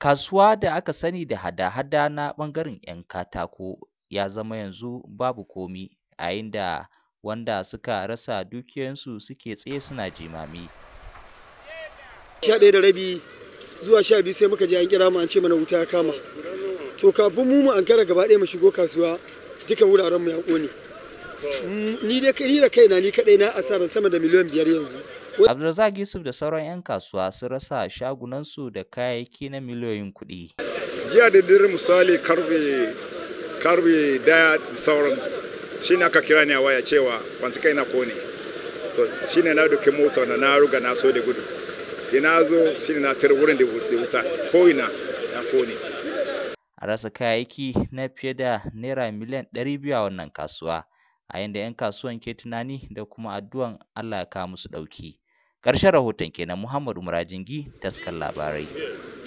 Kasuwa da aka sani da hada-hada na ɓangaren ‘yan katako ya zama yanzu babu komi a yayin da wanda suka rasa dukiyansu suke tsaye suna jimami. da rabi zuwa sha biyu sai muka ji an kira mu an ce mana wuta ya kama. To kafin mu mu ankara gaba ɗaya mu shigo kasuwa duka wuraren mu ya ƙone. ni da kai na ni kadai na asara sama da miliyan biyar yanzu abdulrazak yusuf da sauran 'yan kasuwa sun rasa shagunansu da kayayyaki na miliyoyin kuɗi jiya da dare misali karbe karbe daya sauran shi ne aka kira ni a waya cewa kwanci kai na kone to shi ne na doke mota na na ruga na so da gudu da na zo shi ne na tare wurin da wuta ko ina na kone a rasa kayayyaki na fiye da naira miliyan 200 a wannan kasuwa a yadda 'yan kasuwan ke tunani da kuma addu'an Allah ya kawo musu ɗauki. Ƙarshen rahoton kenan Muhammadu Murajingi, taskan taskar labarai.